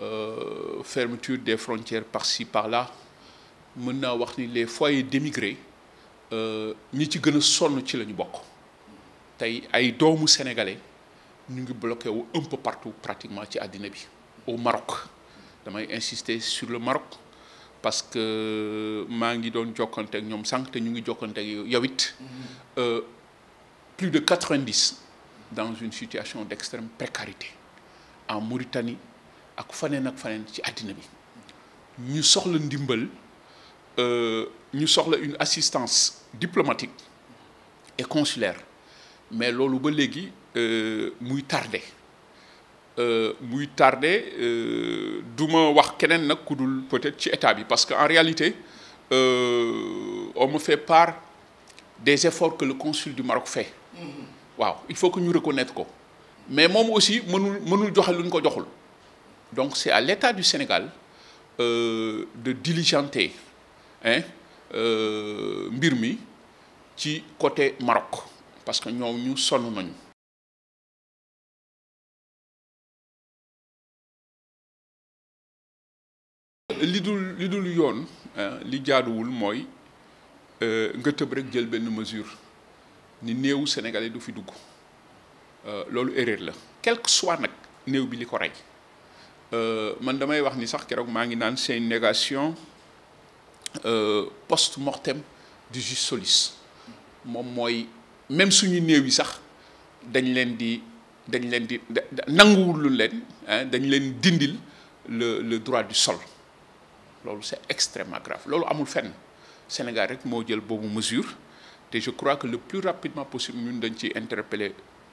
Euh, fermeture des frontières par-ci par-là maintenant les foyers d'émigrés euh, ñi ci gën a sonn ci les sénégalais sont bloqués un peu partout pratiquement au Maroc vais insister sur le Maroc parce que euh, mangi ngi doon jokkante ak et avec te plus de 90 dans une situation d'extrême précarité en Mauritanie ak faneen ak faneen ci Nous bi euh, ñu soxla une assistance diplomatique et consulaire mais ce ba est muy tardé muy tardé euh, euh ma wax keneen dire que peut-être parce qu'en réalité euh, on me fait part des efforts que le consul du Maroc fait mm-hmm. Wow, il faut que nous reconnaissions. ko mais moi aussi mënul mënul joxe lu ñu ko joxul donc c'est à l'État du Sénégal euh, de diligenter hein euh, Mbirmi ci côté Maroc parce que ñoom ñu sonn nañu li dul li dul yoon hein, li jaaduwul mooy euh, nga tëb rek jël benn mesure ni néewu Sénégalais du fi dugg euh, loolu erreur la quel que soit nag néew bi li ko rey euh, man damay wax ni sax keroog maa ngi naan c'est une négation euh, post mortem du jus solis moom mooy même suñu néew yi sax dañ leen di dañ leen di nanguwul leen hein, dañ leen dindil le le droit du sol loolu c'est extrêmement grave loolu amul fenn Sénégal rek moo jël boobu mesure te je crois que le plus rapidement possible ñun dañ ci interpeller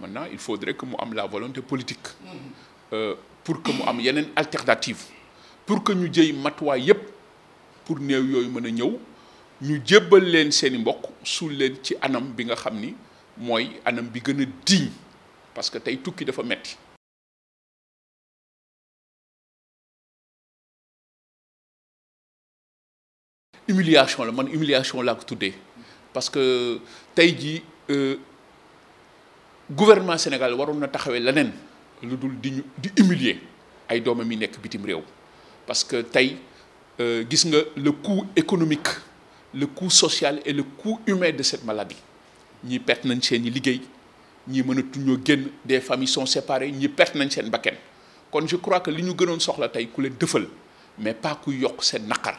maintenant il faudrait que mu am la volonté politique euh, pour que mu am une alternative pour que ñu ayons matuwaay yépp pour néew yooyu mën a ñëw ñu jébbal leen seeni mbokk suul leen ci anam bi nga xam moy anam bi gëna a parce que tay tukki dafa metti humiliation la man humiliation la ko parce que ji euh gouvernement Sénégal waroon na taxawee leneen lu di di humilier ay doomam yi bitim rew parce que euh gis nga le coût économique le coût social et le coût humain de cette maladie ñi perte nañ seen i ñi mëna mënatuñoo genn des familles sont séparées ñi perte nañ seen bakkan kon je crois que li ñu gënon soxla tay ku le dëfal mais pas ku yok seen nakar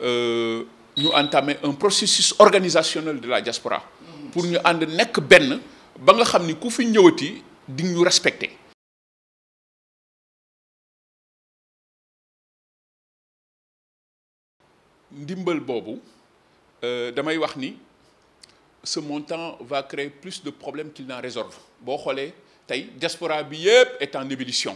nous euh, entamer un processus organisationnel de la diaspora pour nous ànd nek ben ba nga xamni ku fi ñëwati di ñu respecter. ndimbal euh, damay wax ce montant va créer plus de problèmes qu'il n'en résolve vous xolé tay diaspora bi est en ébullition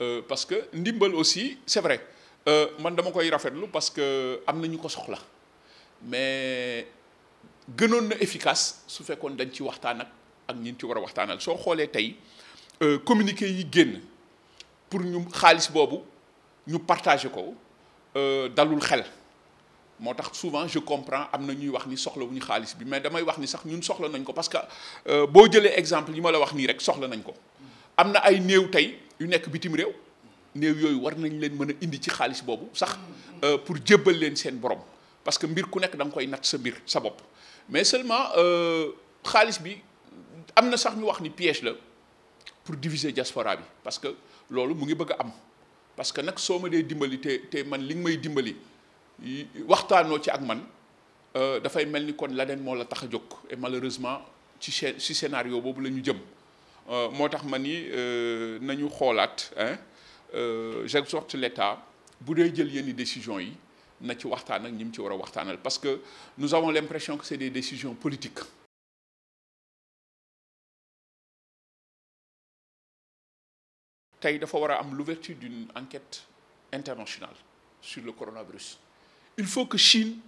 euh, parce que ndimbal aussi c'est vrai euh, man dama koy rafetlu parce que am na ñu ko soxla mais gënoon na efficace su fekkon dañ ci waxtaan ak ak ñi ci wara waxtaanal so xolé tay tey euh, communiquer yi génn pour ñu xaaliss bobu ñu partager ko euh, dalul xel motax souvent je comprends amna ñuy wax ni soxla wu ñu xaalis bi mais damay wax ni sax ñun soxla nañ ko parce que bo jëlé exemple yi ma la wax ni rek soxla nañ ko amna ay neew tay yu nekk bitim rew néew yooyu war nañ leen mën a indi ci xaalis boobu sax euh, pour jébbal leen seen borom parce que mbir ku nekk danga koy nat sa mbir sa bopp mais seulement euh, xaalis bi am na sax ñu wax ni piège la pour diviser diaspora bi parce que loolu mu ngi bëgg a am parce que nag soo ma dee dimbali te te man li nga may dimbali waxtaanoo ci ak man euh, dafay mel ni kon leneen moo la tax a jóg malheureusement ci ci scénario boobu la ñu jëm moo tax ma ni nañu xoolaat Euh, j'exhorte l'État il y a une décision yi na ci waxtaan ak ñi ci parce que nous avons l'impression que c'est des décisions politiques Il dafa avoir l'ouverture d'une enquête internationale sur le coronavirus il faut que Chine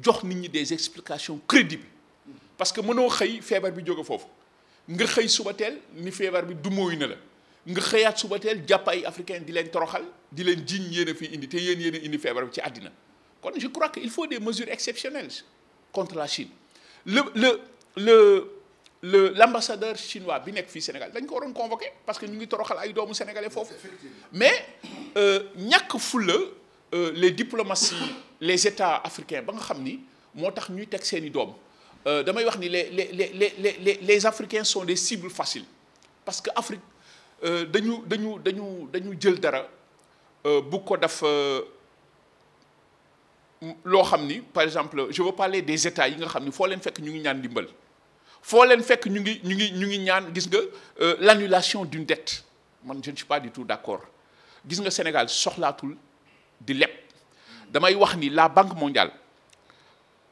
jox nit des explications crédibles parce que mënoo xëy feebar bi jóge foofu nga xëy suba teel ni feebar bi dumóoyu na la nga xeyat subatel teel africain di len toroxal di len jiñ yene fi indi te yene yene indi ci adina kon je crois que il faut des mesures exceptionnelles contre la Chine le le le le l'ambassadeur chinois bi nek fi Sénégal dañ ko waroon convoqué parce que ñu ngi toroxal ay doomu sénégalais fofu mais euh, ñàkk fulla euh, les diplomaties les états africains ba nga xamni motax ñuy tek seeni doom euh, damay wax ni les les les les les les africains sont des cibles faciles parce que Afrique. Euh, dañu dañu dañu dañu jël dara euh, bu ko def euh, lo xamni par exemple je veux parler des états yi nga xamni fo foo leen fekk ñu ngi ñaan dimbal fo leen fekk ñu ngi ñu ngi ñu ngi ñaan gis nga l'annulation d'une dette man je ne suis pas du tout d'accord gis nga Sénégal soxlaatul di leb damay wax ni la banque mondiale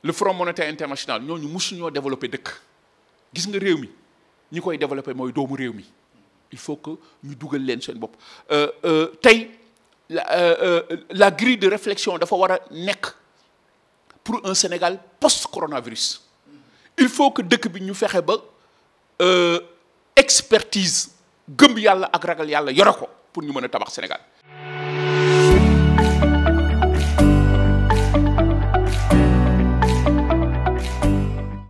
le Fonds monétaire international musu ñoo développer dëkk gis nga réew mi ñi koy développer mooy doomu réew mi il faut que nous nous bop euh euh la euh, euh, la grille de réflexion dafa wara un nekk pour un Sénégal post coronavirus il faut que nous bi ñu fexé ba euh, expertise gëm yalla ak pour ñu mëna tabax Sénégal